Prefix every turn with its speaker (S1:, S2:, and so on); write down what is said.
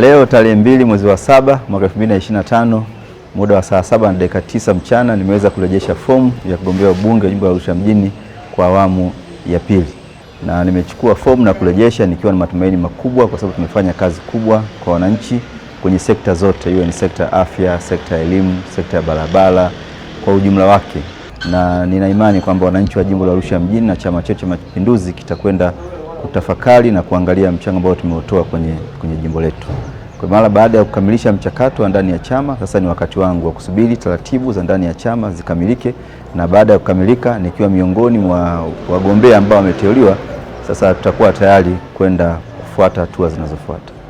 S1: Leo tarehe mbili mwezi wa saba mwaka 2025 muda wa saa saba na dakika tisa mchana nimeweza kurejesha fomu ya kugombea ubunge wa jimbo la Arusha mjini kwa awamu ya pili, na nimechukua fomu na kurejesha nikiwa na matumaini makubwa, kwa sababu tumefanya kazi kubwa kwa wananchi kwenye sekta zote, iwe ni sekta ya afya, sekta ya elimu, sekta ya barabara kwa ujumla wake, na nina imani kwamba wananchi wa jimbo la Arusha mjini na chama chetu cha Mapinduzi kitakwenda kutafakari na kuangalia mchango ambao tumeutoa kwenye, kwenye jimbo letu. Kwa mara baada ya kukamilisha mchakato wa ndani ya chama, sasa ni wakati wangu wa kusubiri taratibu za ndani ya chama zikamilike, na baada ya kukamilika, nikiwa miongoni mwa wagombea ambao wameteuliwa, sasa tutakuwa tayari kwenda kufuata hatua zinazofuata.